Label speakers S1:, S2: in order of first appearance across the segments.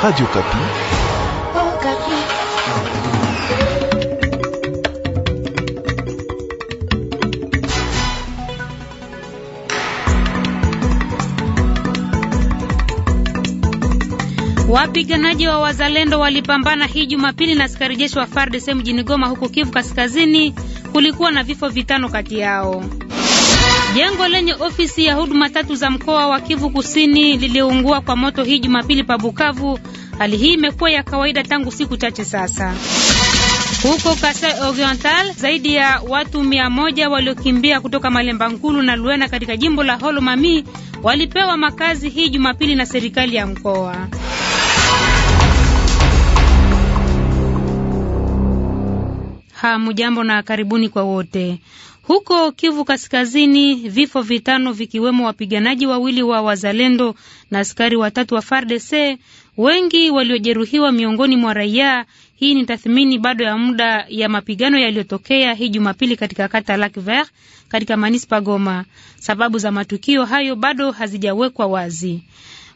S1: Radio Kapi.
S2: Oh, Kapi. Wapiganaji wa wazalendo walipambana hii Jumapili na askari jeshi wa FARDC mjini Goma huko Kivu Kaskazini. Kulikuwa na vifo vitano kati yao. Jengo lenye ofisi ya huduma tatu za mkoa wa Kivu Kusini liliungua kwa moto hii Jumapili pa Bukavu. Hali hii imekuwa ya kawaida tangu siku chache sasa. Huko Kasai Oriental, zaidi ya watu mia moja waliokimbia kutoka Malemba Nkulu na Luena katika jimbo la Holo Mami walipewa makazi hii Jumapili na serikali ya mkoa. Hamujambo na karibuni kwa wote. Huko Kivu Kaskazini, vifo vitano vikiwemo wapiganaji wawili wa wazalendo na askari watatu wa FARDC, wengi waliojeruhiwa miongoni mwa raia. Hii ni tathmini bado ya muda ya mapigano yaliyotokea hii Jumapili katika kata Lac Vert katika manispa Goma. Sababu za matukio hayo bado hazijawekwa wazi.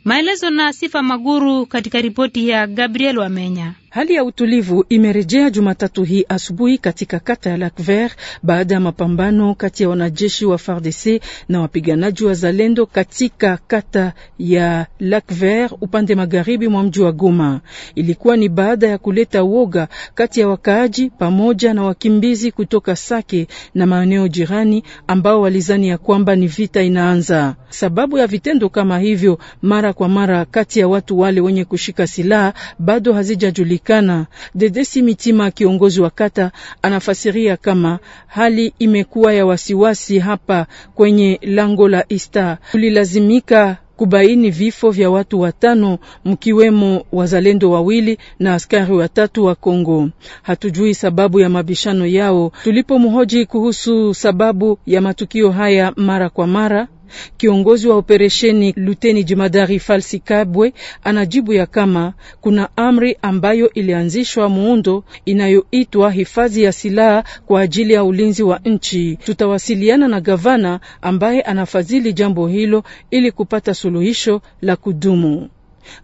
S2: Maelezo na Sifa Maguru katika ripoti ya Gabriel Wamenya.
S3: Hali ya utulivu imerejea Jumatatu hii asubuhi katika kata ya Lac Vert baada ya mapambano kati ya wanajeshi wa FARDC na wapiganaji wa Zalendo katika kata ya Lac Vert upande magharibi mwa mji wa Goma. Ilikuwa ni baada ya kuleta woga kati ya wakaaji pamoja na wakimbizi kutoka Sake na maeneo jirani ambao walizani ya kwamba ni vita inaanza. Sababu ya vitendo kama hivyo mara kwa mara kati ya watu wale wenye kushika silaha bado hazijajulikana kupatikana. Dedesi Mitima, kiongozi wa kata, anafasiria kama hali imekuwa ya wasiwasi hapa kwenye lango la Ista. Tulilazimika kubaini vifo vya watu watano mkiwemo wazalendo wawili na askari watatu wa Kongo. Hatujui sababu ya mabishano yao. Tulipomhoji kuhusu sababu ya matukio haya mara kwa mara, Kiongozi wa operesheni Luteni Jemadari Falsi Kabwe anajibu ya kama kuna amri ambayo ilianzishwa muundo inayoitwa hifadhi ya silaha kwa ajili ya ulinzi wa nchi. Tutawasiliana na gavana ambaye anafadhili jambo hilo ili kupata suluhisho la kudumu.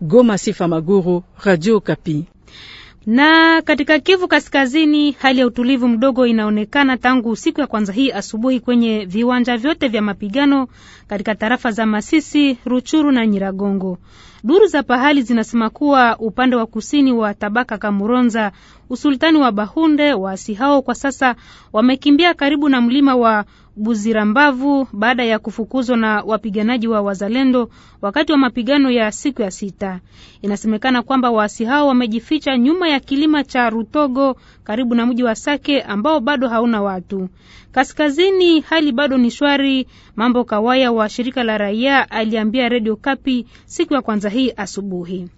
S3: Goma, Sifa Maguru, Radio Kapi.
S2: Na katika Kivu Kaskazini, hali ya utulivu mdogo inaonekana tangu siku ya kwanza hii asubuhi kwenye viwanja vyote vya mapigano katika tarafa za Masisi, Ruchuru na Nyiragongo. Duru za pahali zinasema kuwa upande wa kusini wa tabaka Kamuronza, usultani wa Bahunde, waasi hao kwa sasa wamekimbia karibu na mlima wa Buzirambavu baada ya kufukuzwa na wapiganaji wa wazalendo wakati wa mapigano ya siku ya sita. Inasemekana kwamba waasi hao wamejificha nyuma ya kilima cha Rutogo karibu na mji wa Sake ambao bado hauna watu. Kaskazini hali bado ni shwari. Mambo Kawaya wa shirika la raia aliambia redio Kapi siku ya kwanza hii asubuhi.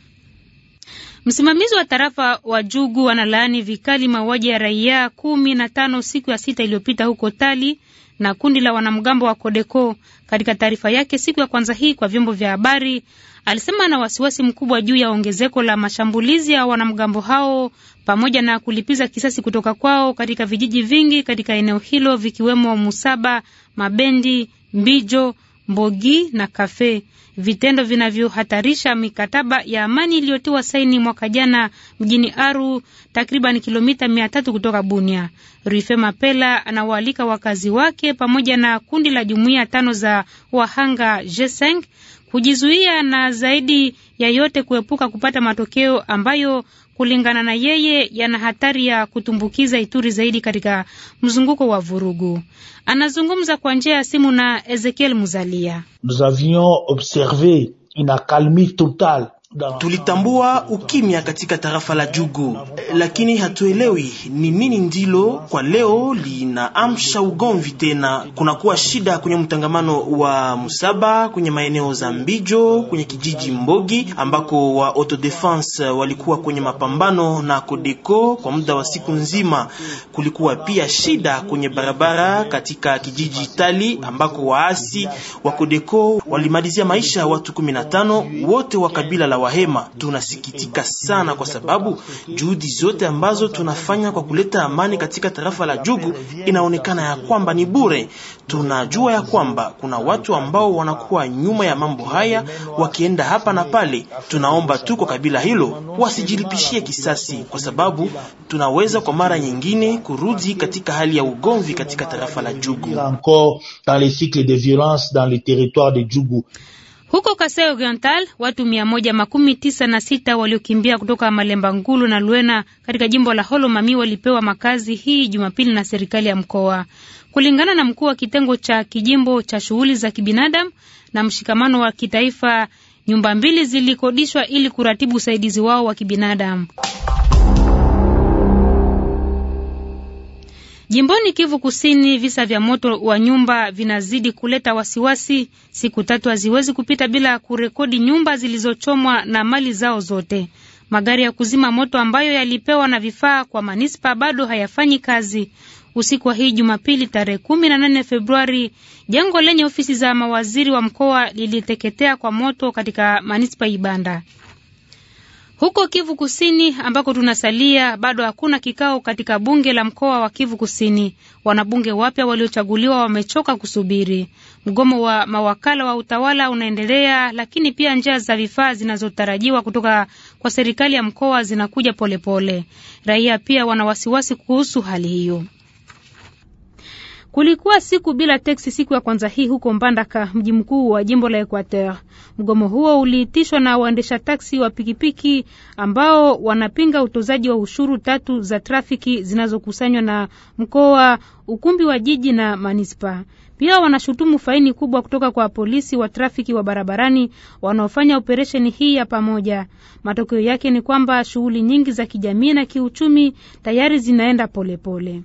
S2: Msimamizi wa tarafa wa Jugu analaani vikali mauaji ya raia kumi na tano siku ya sita iliyopita huko Tali na kundi la wanamgambo wa Kodeko. Katika taarifa yake siku ya kwanza hii kwa vyombo vya habari, alisema ana wasiwasi mkubwa juu ya ongezeko la mashambulizi ya wanamgambo hao pamoja na kulipiza kisasi kutoka kwao katika vijiji vingi katika eneo hilo vikiwemo Musaba, Mabendi, Mbijo, Mbogi na Kafe, vitendo vinavyohatarisha mikataba ya amani iliyotiwa saini mwaka jana mjini Aru, takriban kilomita mia tatu kutoka Bunia. Rife Mapela anawaalika wakazi wake pamoja na kundi la jumuiya tano za wahanga g5 kujizuia na zaidi ya yote kuepuka kupata matokeo ambayo kulingana na yeye, yana hatari ya kutumbukiza Ituri zaidi katika mzunguko wa vurugu. Anazungumza kwa njia ya simu na Ezekiel Muzalia.
S4: Nous avions observé une accalmie totale Tulitambua ukimya katika tarafa la Jugu, lakini hatuelewi ni nini ndilo kwa leo linaamsha ugomvi tena. Kunakuwa shida kwenye mtangamano wa Musaba kwenye maeneo za Mbijo kwenye kijiji Mbogi ambako wa autodefense walikuwa kwenye mapambano na Kodeko kwa muda wa siku nzima. Kulikuwa pia shida kwenye barabara katika kijiji Itali ambako waasi wa Kodeko walimalizia maisha watu 15 wote wa kabila la Wahema. Tunasikitika sana kwa sababu juhudi zote ambazo tunafanya kwa kuleta amani katika tarafa la Jugu inaonekana ya kwamba ni bure. Tunajua ya kwamba kuna watu ambao wanakuwa nyuma ya mambo haya wakienda hapa na pale. Tunaomba tu kwa kabila hilo wasijilipishie kisasi, kwa sababu tunaweza kwa mara nyingine kurudi katika hali ya ugomvi katika tarafa la Jugu.
S2: Huko Kasai Oriental, watu mia moja makumi tisa na sita waliokimbia kutoka Malemba Ngulu na Luena katika jimbo la Holo Mami walipewa makazi hii Jumapili na serikali ya mkoa, kulingana na mkuu wa kitengo cha kijimbo cha shughuli za kibinadamu na mshikamano wa kitaifa. Nyumba mbili zilikodishwa ili kuratibu usaidizi wao wa kibinadamu. Jimboni Kivu Kusini, visa vya moto wa nyumba vinazidi kuleta wasiwasi. Siku tatu haziwezi kupita bila kurekodi nyumba zilizochomwa na mali zao zote. Magari ya kuzima moto ambayo yalipewa na vifaa kwa manispa bado hayafanyi kazi. Usiku wa hii Jumapili tarehe kumi na nane Februari, jengo lenye ofisi za mawaziri wa mkoa liliteketea kwa moto katika manispa Ibanda. Huko Kivu Kusini ambako tunasalia, bado hakuna kikao katika bunge la mkoa wa Kivu Kusini. Wanabunge wapya waliochaguliwa wamechoka kusubiri. Mgomo wa mawakala wa utawala unaendelea, lakini pia njia za vifaa zinazotarajiwa kutoka kwa serikali ya mkoa zinakuja polepole pole. Raia pia wana wasiwasi kuhusu hali hiyo. Kulikuwa siku bila teksi siku ya kwanza hii huko Mbandaka, mji mkuu wa jimbo la Equateur. Mgomo huo uliitishwa na waendesha taksi wa pikipiki ambao wanapinga utozaji wa ushuru tatu za trafiki zinazokusanywa na mkoa, ukumbi wa jiji na manispa. Pia wanashutumu faini kubwa kutoka kwa polisi wa trafiki wa barabarani wanaofanya operesheni hii ya pamoja. Matokeo yake ni kwamba shughuli nyingi za kijamii na kiuchumi tayari zinaenda polepole pole.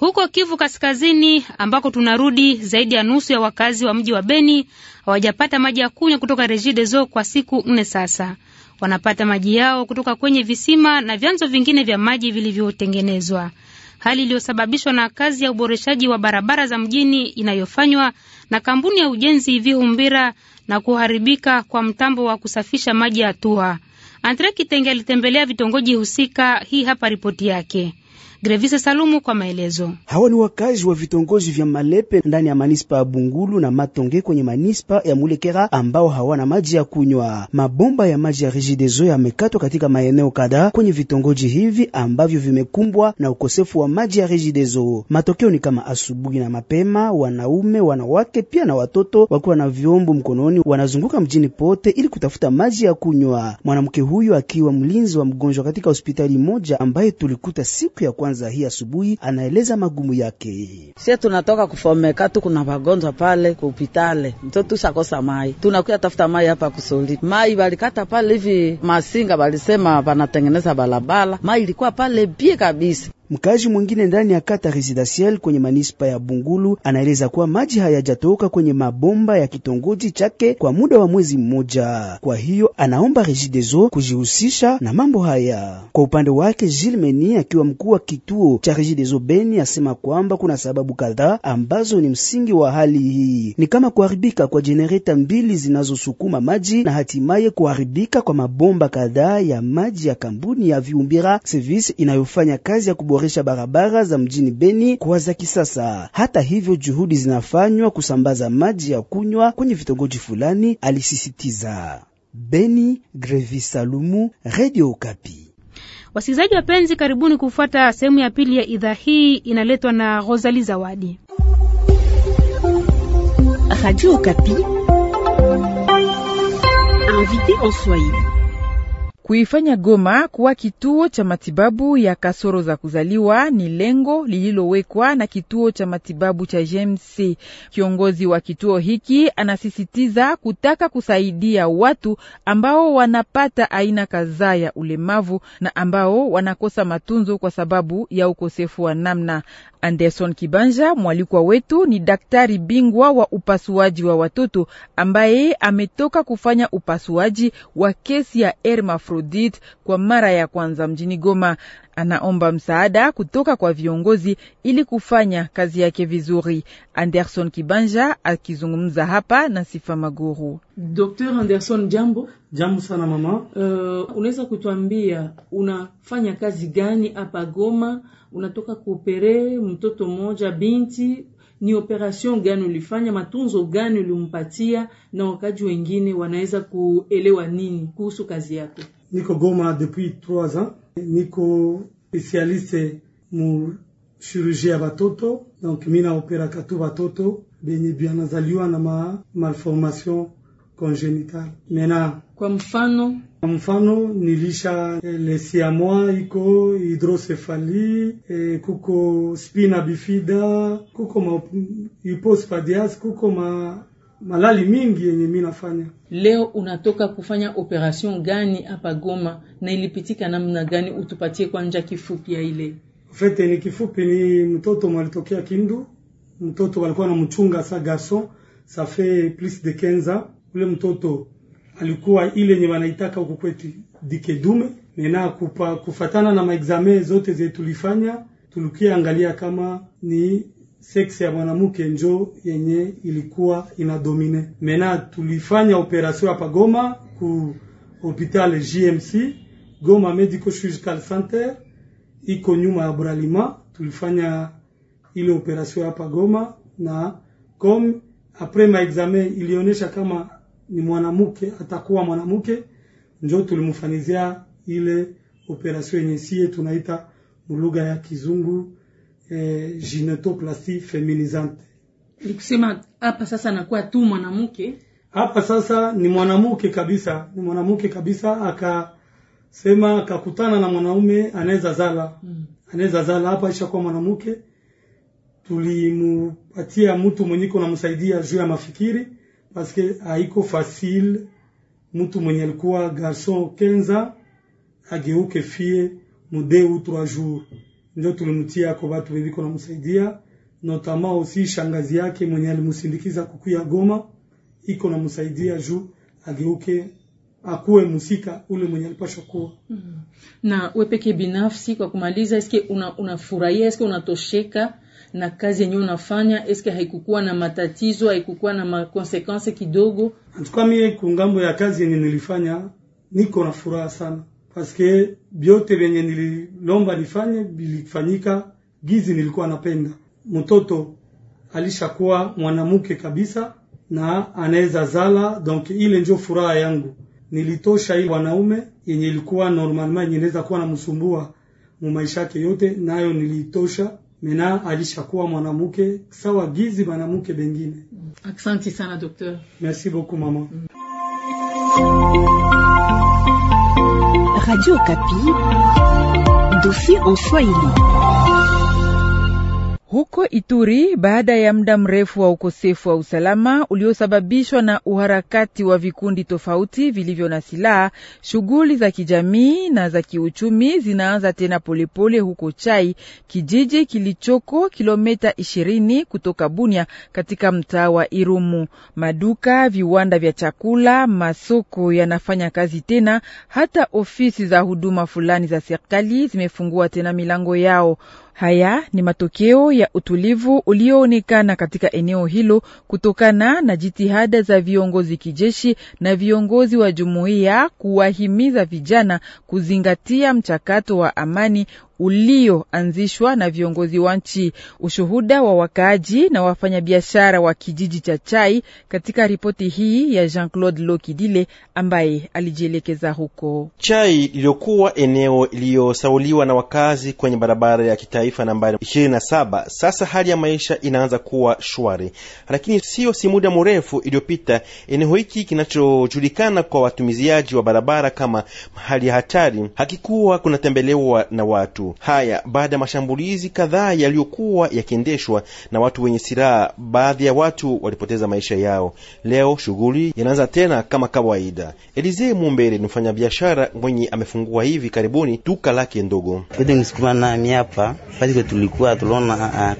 S2: Huko Kivu Kaskazini ambako tunarudi, zaidi ya nusu ya wakazi wa mji wa Beni hawajapata maji ya kunywa kutoka Regideso kwa siku nne sasa. Wanapata maji yao kutoka kwenye visima na vyanzo vingine vya maji vilivyotengenezwa, hali iliyosababishwa na kazi ya uboreshaji wa barabara za mjini inayofanywa na kampuni ya ujenzi Vihumbira na kuharibika kwa mtambo wa kusafisha maji ya Tua. Andre Kitenge alitembelea vitongoji husika. Hii hapa ripoti yake. Grevise Salumu kwa maelezo.
S5: Hawa ni wakazi wa vitongozi vya Malepe ndani ya manispa ya Bungulu na Matonge kwenye manispa ya Mulekera ambao hawana maji ya kunywa. Mabomba ya maji ya Regideso yamekatwa katika maeneo kadhaa kwenye vitongoji hivi ambavyo vimekumbwa na ukosefu wa maji ya Regideso. Matokeo ni kama asubuhi na mapema, wanaume, wanawake pia na watoto wakiwa na vyombo mkononi wanazunguka mjini pote ili kutafuta maji ya kunywa. Mwanamke huyu akiwa mlinzi wa mgonjwa katika hospitali moja ambaye tulikuta siku ya kwanza kwanza hii asubuhi, anaeleza magumu yake.
S6: Sie tunatoka kufomeka tu, kuna wagonjwa pale kupitale mto tushakosa mai, tunakuya tafuta mai hapa kusoli mai. walikata pale hivi masinga, walisema wanatengeneza balabala, mai ilikuwa pale bie kabisa
S5: Mkaaji mwingine ndani ya kata residensiel kwenye manispa ya Bungulu anaeleza kuwa maji hayajatoka kwenye mabomba ya kitongoji chake kwa muda wa mwezi mmoja. Kwa hiyo anaomba Regideso kujihusisha na mambo haya. Kwa upande wake, Jules Meni akiwa mkuu wa kituo cha Regideso Beni asema kwamba kuna sababu kadhaa ambazo ni msingi wa hali hii, ni kama kuharibika kwa jenereta mbili zinazosukuma maji na hatimaye kuharibika kwa mabomba kadhaa ya maji ya kampuni ya Viumbira Service inayofanya kazi ya kuboresha kuboresha barabara za mjini Beni kwa za kisasa. Hata hivyo, juhudi zinafanywa kusambaza maji ya kunywa kwenye vitongoji fulani, alisisitiza. Beni, Grevi Salumu, Radio Kapi.
S2: Wasikilizaji wapenzi, karibuni kufuata sehemu ya pili ya idhaa hii, inaletwa na Rosali Zawadi,
S6: Radio Kapi, invité en Swahili. Kuifanya Goma kuwa kituo cha matibabu ya kasoro za kuzaliwa ni lengo lililowekwa na kituo cha matibabu cha JMC. Kiongozi wa kituo hiki anasisitiza kutaka kusaidia watu ambao wanapata aina kadhaa ya ulemavu na ambao wanakosa matunzo kwa sababu ya ukosefu wa namna. Anderson Kibanja, mwalikwa wetu, ni daktari bingwa wa upasuaji wa watoto ambaye ametoka kufanya upasuaji wa kesi ya Erma Frozen Saudite kwa mara ya kwanza mjini Goma. Anaomba msaada kutoka kwa viongozi ili kufanya kazi yake vizuri. Anderson
S3: Kibanja akizungumza hapa na Sifa Maguru. Dr. Anderson, jambo. Jambo sana mama. Uh, unaweza kutuambia unafanya kazi gani hapa Goma? Unatoka kuopere mtoto mmoja binti, ni operation gani ulifanya? Matunzo gani ulimpatia? Na wakaji wengine wanaweza kuelewa nini
S7: kuhusu kazi yako? niko Goma depuis trois ans, niko spécialiste mu chirurgie ya watoto donc mi naoperaka Batoto. bien bien banazaliwa na ma malformation congénitale. Mena kwa mfano kwa mfano nilisha lesiamwa iko hidrosefali e, kuko spina bifida kuko ma hypospadias kuko ma malali mingi yenye mimi nafanya
S3: leo. Unatoka kufanya operation gani hapa Goma na ilipitika namna gani? Utupatie kwanja kifupi ya ile
S7: fete. Ni kifupi, ni mtoto mwalitokea Kindu, mtoto walikuwa na mchunga sa garson sa plus de kenza. Ule mtoto alikuwa ile yenye wanaitaka huko kwetu dikedume nena kupa, kufatana na maexame zote zetu tulifanya, tulikia angalia kama ni seksi ya mwanamke njo yenye ilikuwa inadomine. Mena tulifanya operasio hapa Goma ku hopital gmc Goma Medical Surgical Center iko nyuma ya Bralima. Tulifanya ile operasio hapa Goma na kom apre maexame ilionyesha kama ni mwanamke atakuwa mwanamke, njo tulimfanyizia ile operasio yenye siye tunaita mulugha ya kizungu eh, ginecoplastie feminizante.
S3: Ni kusema hapa sasa anakuwa tu mwanamke,
S7: hapa sasa ni mwanamke kabisa, ni mwanamke kabisa, akasema akakutana na mwanaume anaweza zala mm. anaweza zala hapa, ishakuwa mwanamke. Tulimupatia mtu mwenyeko namsaidia juu ya mafikiri paske haiko fasile mtu mwenye alikuwa garson kenza ageuke fie mudeu trois jours ndio tulimtia kwa watu wengi kuna msaidia notama usi shangazi yake mwenye alimsindikiza kukuya Goma iko na msaidia juu ageuke akuwe musika ule mwenye alipashwa kuwa. mm -hmm.
S3: Na we peke binafsi, kwa kumaliza, eske unafurahia, una eske unatosheka na kazi yenyewe unafanya? Eske haikukuwa na matatizo, haikukuwa na makonsekanse kidogo?
S7: Antukua mie kungambo ya kazi yenye nilifanya niko na furaha sana paske vyote vyenye nililomba nifanye vilifanyika gizi nilikuwa napenda. Mtoto alishakuwa mwanamke kabisa na anaweza zala, donc ile ndio furaha yangu. Nilitosha ile wanaume yenye ilikuwa normalma yenye inaweza kuwa namsumbua mumaisha yake yote, nayo nilitosha mena alishakuwa mwanamke sawa gizi mwanamke bengine. Asante
S3: sana docteur.
S7: Merci beaucoup mama. Mm.
S3: Radio Capille, dossier en Swahili.
S6: Huko Ituri, baada ya muda mrefu wa ukosefu wa usalama uliosababishwa na uharakati wa vikundi tofauti vilivyo na silaha, shughuli za kijamii na za kiuchumi zinaanza tena polepole huko Chai, kijiji kilichoko kilomita ishirini kutoka Bunia katika mtaa wa Irumu. Maduka, viwanda vya chakula, masoko yanafanya kazi tena, hata ofisi za huduma fulani za serikali zimefungua tena milango yao. Haya ni matokeo ya utulivu ulioonekana katika eneo hilo kutokana na jitihada za viongozi kijeshi na viongozi wa jumuiya kuwahimiza vijana kuzingatia mchakato wa amani ulioanzishwa na viongozi wa nchi. Ushuhuda wa wakaaji na wafanyabiashara wa kijiji cha Chai katika ripoti hii ya Jean-Claude Lokidile ambaye alijielekeza huko
S1: Chai iliyokuwa eneo iliyosauliwa na wakazi kwenye barabara ya kitaifa nambari 27. Sasa hali ya maisha inaanza kuwa shwari, lakini sio si muda mrefu iliyopita eneo hiki kinachojulikana kwa watumiziaji wa barabara kama mahali hatari hakikuwa kunatembelewa na watu Haya baada ya mashambulizi kadhaa yaliyokuwa yakiendeshwa na watu wenye silaha, baadhi ya watu walipoteza maisha yao. Leo shughuli yanaanza tena kama kawaida. Elize Mumbere ni mfanyabiashara mwenye amefungua hivi karibuni duka lake ndogo.
S5: tulikuwa ah,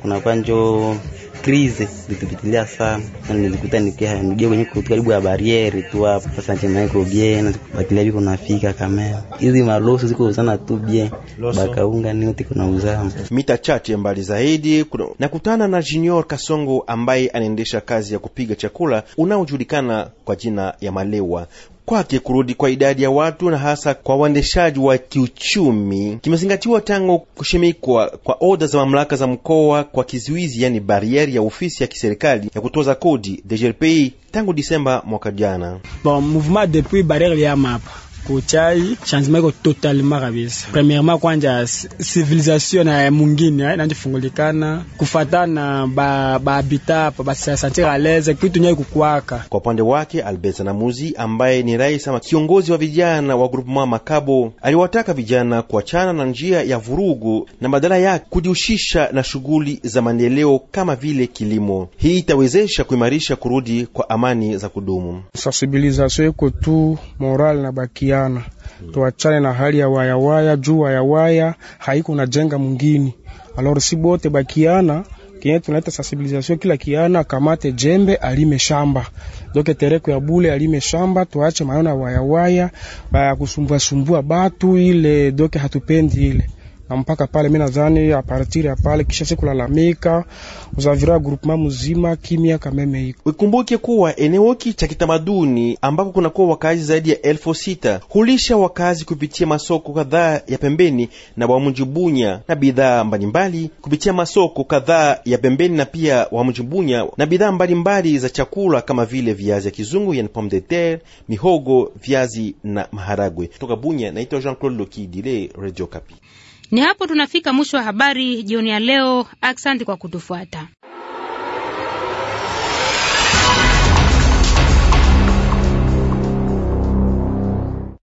S5: krize nilipitilia sana na nilikuta nikiha nikia kwenye karibu ya bariere tu hapo sasa nje iko bie na bakilia
S1: biko nafika kamera hizi maloso ziko sana tu bie bakaunga ni uti kuna uzama mita chache mbali zaidi kuna nakutana na Junior Kasongo ambaye anaendesha kazi ya kupiga chakula unaojulikana kwa jina ya Malewa kwake kurudi kwa idadi ya watu na hasa kwa uendeshaji wa kiuchumi kimezingatiwa tangu kushimikwa kwa oda za mamlaka za mkoa kwa kizuizi, yani barieri ya ofisi ya kiserikali ya kutoza kodi DGRPI tangu Disemba mwaka jana.
S4: Bon, mouvement depuis barriere ya mapa kuchai changement iko totalement kabisa. Premierement kwanja civilisation na mungine inajifungulikana kufatana ba, ba habita pa basantir a
S1: l'aise kitu nyai kukwaka. Kwa upande wake Albert Namuzi ambaye ni rais ama kiongozi wa vijana wa mama Makabo aliwataka vijana kuachana na njia ya vurugu na badala yake kujihusisha na shughuli za maendeleo kama vile kilimo. Hii itawezesha kuimarisha kurudi kwa amani za kudumu.
S4: Sensibilisation iko tu moral na baki kusaidiana mm. Tuachane na hali ya wayawaya juu wayawaya haiko na jenga mwingine, alors si bote bakiana kenye tunaita sensibilisation, kila kiana kamate jembe alime shamba doke tereko ya bule alime shamba, tuache maana wayawaya baya kusumbua sumbua batu ile doke hatupendi ile na mpaka pale, mimi nadhani partir ya pale, kisha sikulalamika uzavira groupement mzima kimya kameme
S1: hiko. Ukumbuke kuwa eneo hiki cha kitamaduni ambako kunakuwa wakazi zaidi ya elfu sita hulisha wakazi kupitia masoko kadhaa ya pembeni na wamujibunya na bidhaa mbalimbali kupitia masoko kadhaa ya pembeni na pia wamujibunya na bidhaa mbalimbali za chakula kama vile viazi ya kizungu, yani pomme de terre, mihogo, viazi na maharagwe. Toka Bunya, naitwa Jean-Claude Lokidile, Radio Kapi.
S2: Ni hapo tunafika mwisho wa habari jioni ya leo. Asante kwa kutufuata.